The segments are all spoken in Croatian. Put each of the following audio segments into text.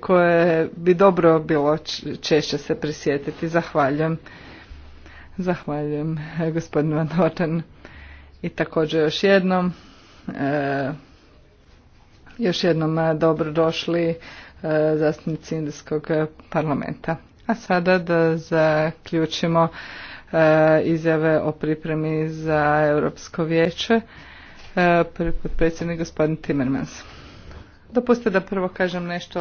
koje bi dobro bilo češće se prisjetiti. Zahvaljujem. Zahvaljujem e, gospodinu Van Horten. I također još jednom, e, još jednom e, dobro došli zastupnici Indijskog parlamenta. A sada da zaključimo izjave o pripremi za Europsko vijeće. Prvi predsjednik gospodin Timmermans. Dopustite da prvo kažem nešto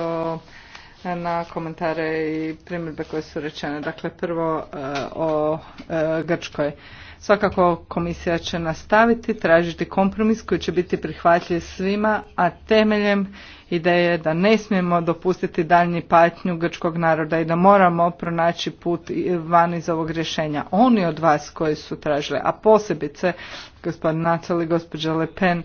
na komentare i primjedbe koje su rečene. Dakle, prvo eh, o eh, Grčkoj. Svakako komisija će nastaviti tražiti kompromis koji će biti prihvatljiv svima, a temeljem ideje da ne smijemo dopustiti daljnji patnju grčkog naroda i da moramo pronaći put van iz ovog rješenja. Oni od vas koji su tražili, a posebice gospodin Nacol i gospođa Le Pen,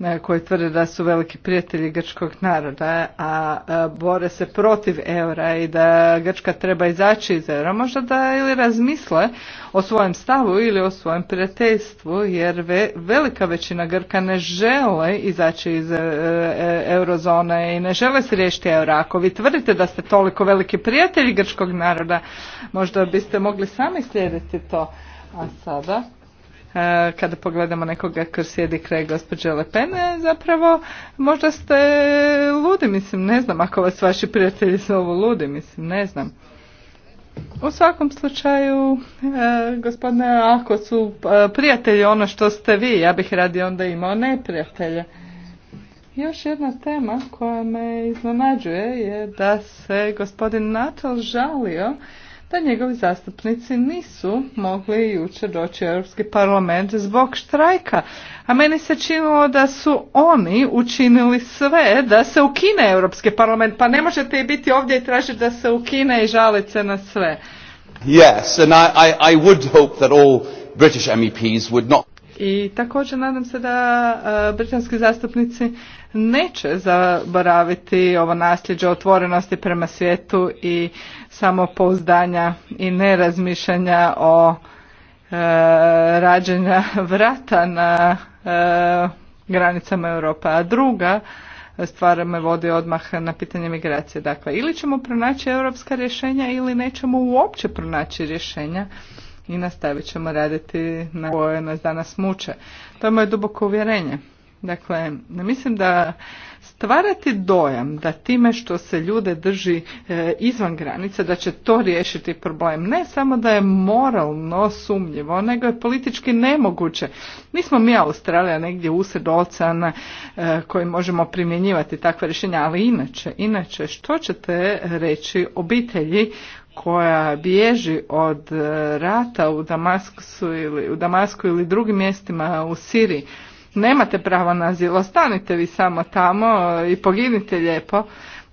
E, koji tvrde da su veliki prijatelji grčkog naroda, a e, bore se protiv eura i da Grčka treba izaći iz eura, možda da ili razmisle o svojem stavu ili o svojem prijateljstvu, jer velika većina Grka ne žele izaći iz e, e, eurozone i ne žele se riješiti eura. Ako vi tvrdite da ste toliko veliki prijatelji grčkog naroda, možda biste mogli sami slijediti to. A sada... E, kada pogledamo nekoga kroz sjedi kraj gospođe Le e, zapravo možda ste ludi, mislim, ne znam, ako vas vaši prijatelji ovo ludi, mislim, ne znam. U svakom slučaju, e, gospodine, ako su prijatelji ono što ste vi, ja bih radi onda imao neprijatelje. Još jedna tema koja me iznenađuje je da se gospodin Natal žalio da njegovi zastupnici nisu mogli jučer doći u Europski parlament zbog štrajka. A meni se činilo da su oni učinili sve da se ukine Europski parlament. Pa ne možete i biti ovdje i tražiti da se ukine i žaliti se na sve. Yes, and I, I, would hope that all British MEPs would not... I također nadam se da uh, britanski zastupnici neće zaboraviti ovo nasljeđe otvorenosti prema svijetu i samopouzdanja i nerazmišljanja o e, rađenja vrata na e, granicama Europe. A druga stvar me vodi odmah na pitanje migracije. Dakle, ili ćemo pronaći europska rješenja ili nećemo uopće pronaći rješenja i nastavit ćemo raditi na koje nas danas muče. To je moje duboko uvjerenje. Dakle, mislim da stvarati dojam da time što se ljude drži e, izvan granice, da će to riješiti problem, ne samo da je moralno sumnjivo, nego je politički nemoguće. Nismo mi Australija negdje usred oceana e, koji možemo primjenjivati takve rješenja, ali inače, inače, što ćete reći obitelji koja bježi od e, rata u Damasku ili, u Damasku ili drugim mjestima u Siriji? nemate pravo na azil, ostanite vi samo tamo i poginite lijepo,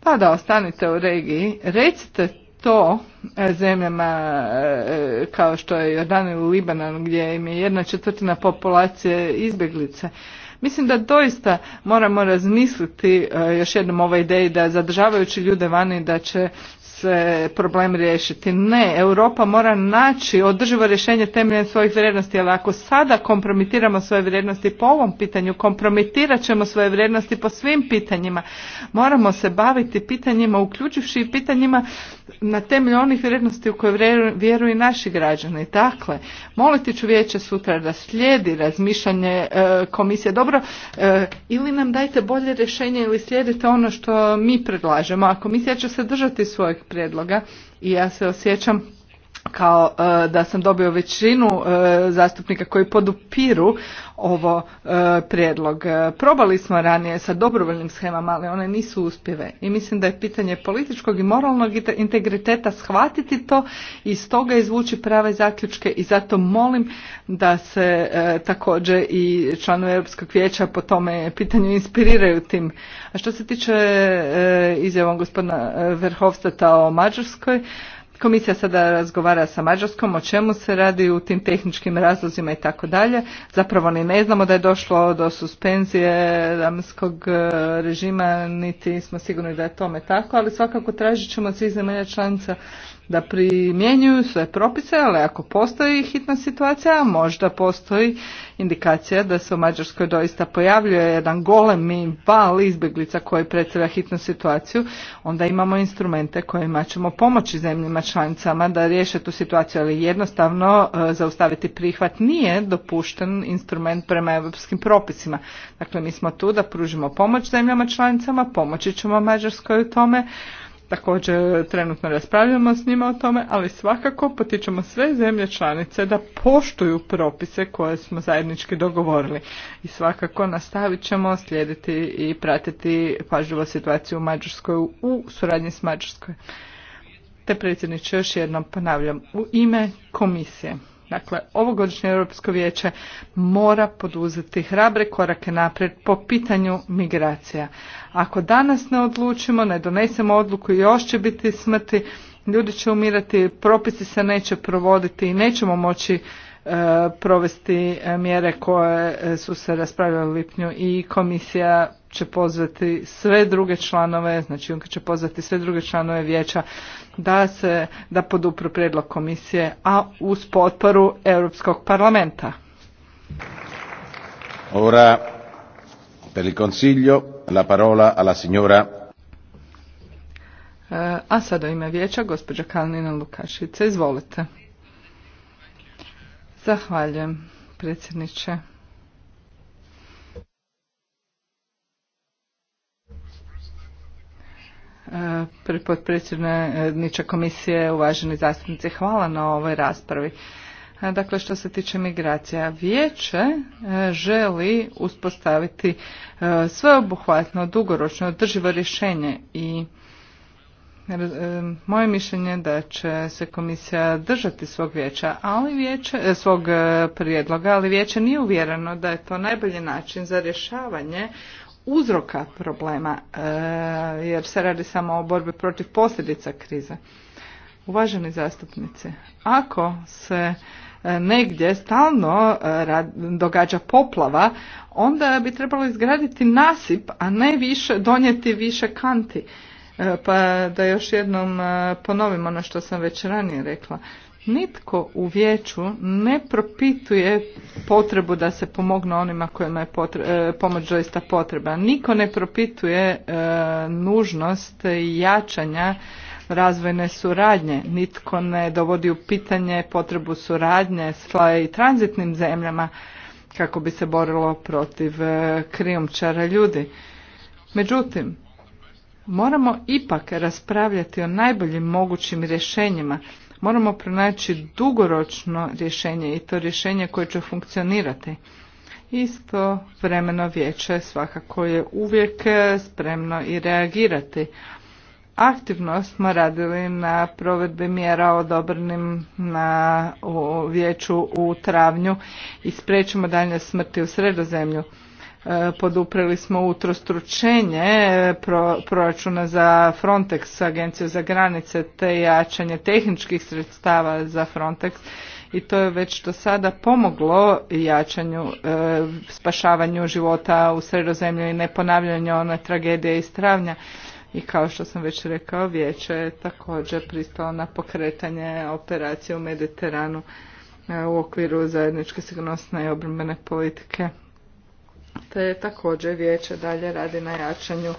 pa da ostanite u regiji. Recite to e, zemljama e, kao što je Jordan ili Libanon gdje im je jedna četvrtina populacije izbjeglice. Mislim da doista moramo razmisliti e, još jednom ovoj ideji da zadržavajući ljude vani da će se problem riješiti. Ne, Europa mora naći održivo rješenje temeljem svojih vrijednosti, ali ako sada kompromitiramo svoje vrijednosti po ovom pitanju, kompromitirat ćemo svoje vrijednosti po svim pitanjima. Moramo se baviti pitanjima, uključujući pitanjima na temelju onih vrijednosti u koje vjeruju naši građani. Dakle, moliti ću vijeće sutra da slijedi razmišljanje e, komisije. Dobro, e, ili nam dajte bolje rješenje ili slijedite ono što mi predlažemo, a komisija će se držati svojeg prijedloga i ja se osjećam kao e, da sam dobio većinu e, zastupnika koji podupiru ovo e, prijedlog. Probali smo ranije sa dobrovoljnim schemama, ali one nisu uspjeve. I mislim da je pitanje političkog i moralnog integriteta shvatiti to i stoga izvući prave zaključke i zato molim da se također i članovi Europskog vijeća po tome pitanju inspiriraju tim. A što se tiče izjavom gospodina Verhofstata o Mađarskoj, Komisija sada razgovara sa Mađarskom o čemu se radi u tim tehničkim razlozima i tako dalje. Zapravo ni ne znamo da je došlo do suspenzije ramskog e, režima, niti smo sigurni da je tome tako, ali svakako tražit ćemo svi svih zemalja članica da primjenjuju sve propise, ali ako postoji hitna situacija, možda postoji indikacija da se u Mađarskoj doista pojavljuje jedan golemi val izbjeglica koji predstavlja hitnu situaciju, onda imamo instrumente kojima ćemo pomoći zemljima članicama da riješe tu situaciju, ali jednostavno e, zaustaviti prihvat nije dopušten instrument prema europskim propisima. Dakle, mi smo tu da pružimo pomoć zemljama članicama, pomoći ćemo Mađarskoj u tome, Također trenutno raspravljamo s njima o tome, ali svakako potičemo sve zemlje članice da poštuju propise koje smo zajednički dogovorili. I svakako nastavit ćemo slijediti i pratiti pažljivo situaciju u Mađarskoj u suradnji s Mađarskoj. Te predsjedniče još jednom ponavljam u ime komisije. Dakle, ovogodišnje Europsko vijeće mora poduzeti hrabre korake naprijed po pitanju migracija. Ako danas ne odlučimo, ne donesemo odluku, još će biti smrti, ljudi će umirati, propisi se neće provoditi i nećemo moći E, provesti e, mjere koje e, su se raspravljale u lipnju i komisija će pozvati sve druge članove, znači Juncker će pozvati sve druge članove vijeća da se da podupru prijedlog komisije, a uz potporu Europskog parlamenta. Ora per il consiglio la parola alla signora a sada ime vijeća gospođa Kalnina Lukašica. Izvolite. Zahvaljujem, predsjedniče. E, potpredsjedniče komisije, uvaženi zastupnici, hvala na ovoj raspravi. E, dakle, što se tiče migracija, vijeće e, želi uspostaviti sveobuhvatno, dugoročno, održivo rješenje i E, moje mišljenje da će se komisija držati svog vijeća, ali vijeće, e, svog e, prijedloga, ali vijeće nije uvjereno da je to najbolji način za rješavanje uzroka problema, jer se radi samo o borbi protiv posljedica krize. Uvaženi zastupnici, ako se negdje stalno događa poplava, onda bi trebalo izgraditi nasip, a ne više donijeti više kanti. E, pa da još jednom e, ponovim ono što sam već ranije rekla. Nitko u vijeću ne propituje potrebu da se pomogne onima kojima je potreba, e, pomoć doista potreba. Niko ne propituje nužnost nužnost jačanja razvojne suradnje. Nitko ne dovodi u pitanje potrebu suradnje s i tranzitnim zemljama kako bi se borilo protiv krijumčara ljudi. Međutim, moramo ipak raspravljati o najboljim mogućim rješenjima. Moramo pronaći dugoročno rješenje i to rješenje koje će funkcionirati. Isto vremeno vijeće svakako je uvijek spremno i reagirati. Aktivno smo radili na provedbi mjera odobrenim na vijeću u travnju i spriječimo dalje smrti u sredozemlju. E, podupreli smo utrostručenje e, proračuna za Frontex, agenciju za granice, te jačanje tehničkih sredstava za Frontex i to je već do sada pomoglo jačanju, e, spašavanju života u sredozemlju i neponavljanju one tragedije iz travnja. I kao što sam već rekao, vijeće je također pristalo na pokretanje operacije u Mediteranu u okviru zajedničke sigurnosne i obrambene politike te također vijeće dalje radi na jačanju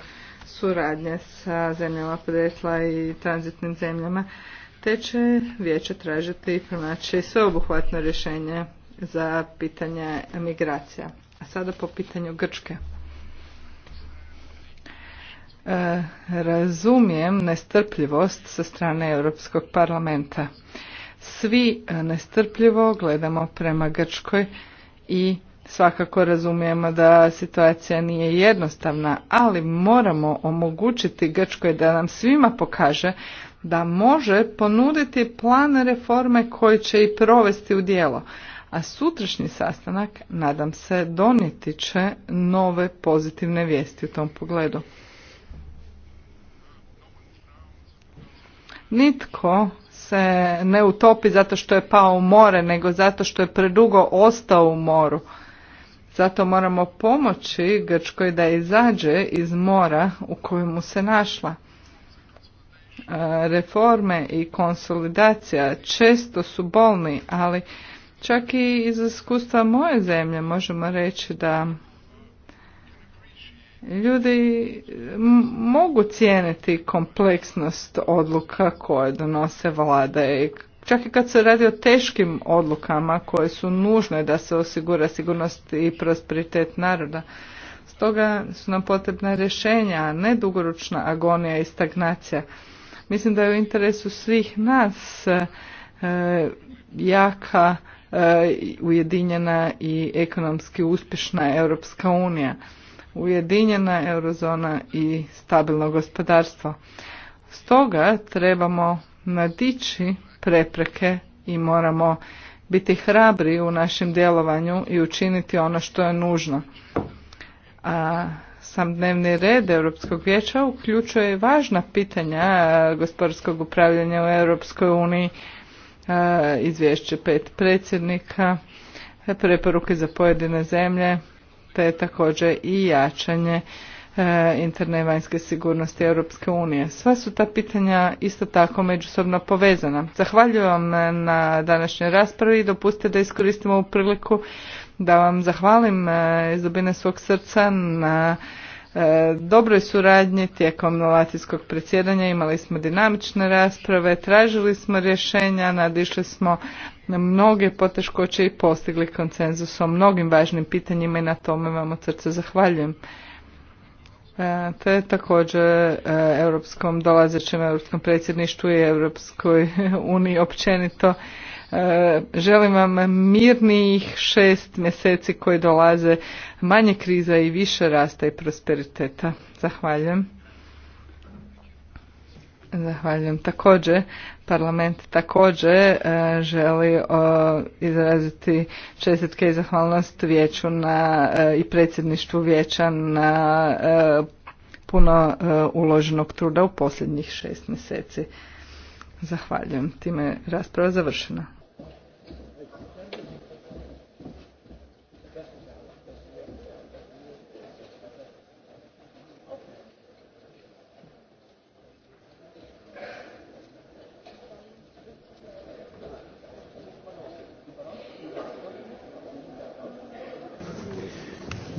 suradnje sa zemljama podrijetla i tranzitnim zemljama, te će vijeće tražiti i pronaći sveobuhvatno rješenje za pitanje migracija. A sada po pitanju Grčke. E, razumijem nestrpljivost sa strane Europskog parlamenta. Svi e, nestrpljivo gledamo prema Grčkoj i Svakako razumijemo da situacija nije jednostavna, ali moramo omogućiti Grčkoj da nam svima pokaže da može ponuditi plan reforme koji će i provesti u djelo. A sutrašnji sastanak, nadam se, donijeti će nove pozitivne vijesti u tom pogledu. Nitko se ne utopi zato što je pao u more, nego zato što je predugo ostao u moru. Zato moramo pomoći Grčkoj da izađe iz mora u kojemu se našla. E, reforme i konsolidacija često su bolni, ali čak i iz iskustva moje zemlje možemo reći da ljudi mogu cijeniti kompleksnost odluka koje donose vlada i čak i kad se radi o teškim odlukama koje su nužne da se osigura sigurnost i prosperitet naroda. Stoga su nam potrebna rješenja, a ne dugoročna agonija i stagnacija. Mislim da je u interesu svih nas e, jaka, e, ujedinjena i ekonomski uspješna Europska unija, ujedinjena eurozona i stabilno gospodarstvo. Stoga trebamo nadići prepreke i moramo biti hrabri u našem djelovanju i učiniti ono što je nužno. A sam dnevni red Europskog vijeća uključuje važna pitanja gospodarskog upravljanja u Europskoj uniji, izvješće pet predsjednika, preporuke za pojedine zemlje, te također i jačanje E, interne i vanjske sigurnosti Europske unije. Sva su ta pitanja isto tako međusobno povezana. Zahvaljujem vam na današnjoj raspravi i dopustite da iskoristimo ovu priliku da vam zahvalim e, iz dobine svog srca na e, dobroj suradnji tijekom novacijskog predsjedanja. Imali smo dinamične rasprave, tražili smo rješenja, nadišli smo na mnoge poteškoće i postigli konsenzus o mnogim važnim pitanjima i na tome vam od srca zahvaljujem. E, te također e, europskom dolazećem europskom predsjedništvu i Europskoj uniji općenito. E, želim vam mirnijih šest mjeseci koji dolaze manje kriza i više rasta i prosperiteta. Zahvaljujem. Zahvaljujem. Također, parlament također e, želi e, izraziti čestitke i zahvalnost vijeću na e, i predsjedništvu vijeća na puno uloženog truda u posljednjih šest mjeseci. Zahvaljujem. Time je rasprava završena.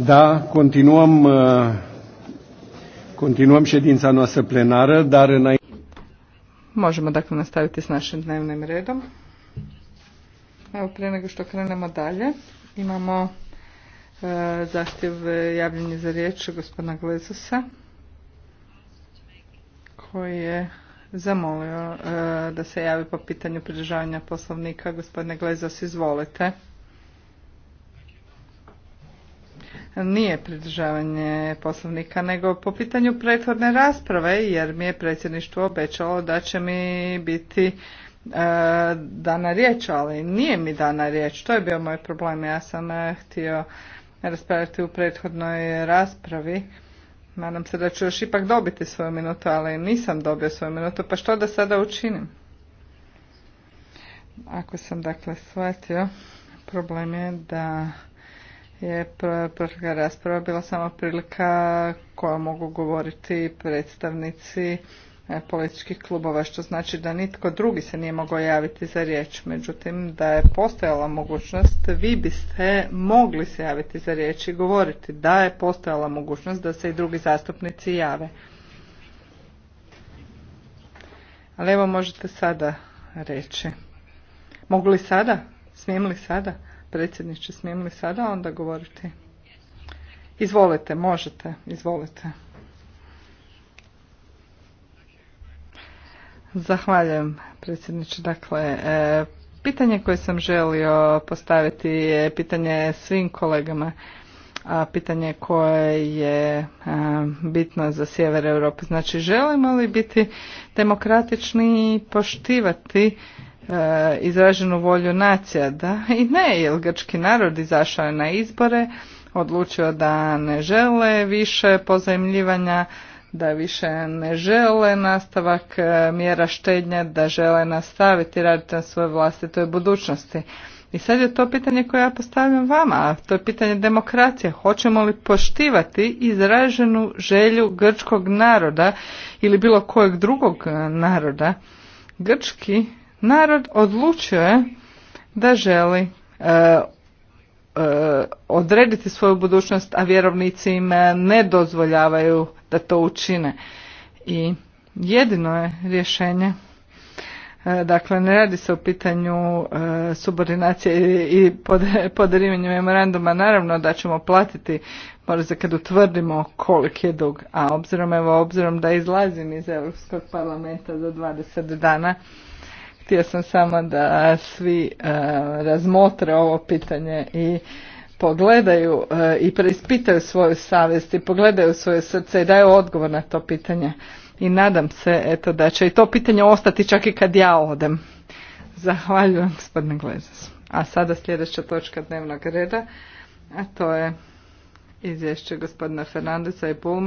Da, continuăm, uh, continuăm ședința noastră plenară, dar Možemo dakle nastaviti s našim dnevnim redom. Evo prije nego što krenemo dalje, imamo e, zahtjev uh, javljanje za riječ gospodina Glezusa koji je zamolio da se javi po pitanju pridržavanja poslovnika. Gospodine Glezos, izvolite. nije pridržavanje poslovnika, nego po pitanju prethodne rasprave, jer mi je predsjedništvo obećalo da će mi biti e, dana riječ, ali nije mi dana riječ, to je bio moj problem. Ja sam e, htio raspraviti u prethodnoj raspravi. Nadam se da ću još ipak dobiti svoju minutu, ali nisam dobio svoju minutu, pa što da sada učinim? Ako sam dakle shvatio, problem je da je prošla rasprava bila samo prilika koja mogu govoriti predstavnici e, političkih klubova, što znači da nitko drugi se nije mogao javiti za riječ. Međutim, da je postojala mogućnost, vi biste mogli se javiti za riječ i govoriti da je postojala mogućnost da se i drugi zastupnici jave. Ali evo možete sada reći. Mogu li sada? Smijem li sada? predsjedniče, smijem li sada onda govoriti? Izvolite, možete, izvolite. Zahvaljujem, predsjedniče. Dakle, e, pitanje koje sam želio postaviti je pitanje svim kolegama, a pitanje koje je e, bitno za sjever Europe. Znači, želimo li biti demokratični i poštivati E, izraženu volju nacija. Da i ne, jer grčki narod izašao je na izbore, odlučio da ne žele više pozajmljivanja, da više ne žele nastavak e, mjera štednja, da žele nastaviti raditi na svoje je budućnosti. I sad je to pitanje koje ja postavljam vama, a to je pitanje demokracije. Hoćemo li poštivati izraženu želju grčkog naroda ili bilo kojeg drugog naroda? Grčki Narod odlučuje da želi e, e, odrediti svoju budućnost, a vjerovnici im e, ne dozvoljavaju da to učine. I jedino je rješenje. E, dakle, ne radi se o pitanju subordinacije i, i pod, podarivanju memoranduma. Naravno da ćemo platiti poreze kad utvrdimo koliki je dug. A obzirom, evo, obzirom da izlazim iz Europskog parlamenta za 20 dana, Htio sam samo da svi e, razmotre ovo pitanje i pogledaju e, i preispitaju svoju savjest i pogledaju svoje srce i daju odgovor na to pitanje. I nadam se eto da će i to pitanje ostati čak i kad ja odem. Zahvaljujem gospodine Glezas. A sada sljedeća točka dnevnog reda, a to je izvješće gospodina Fernandesa i Pulmana.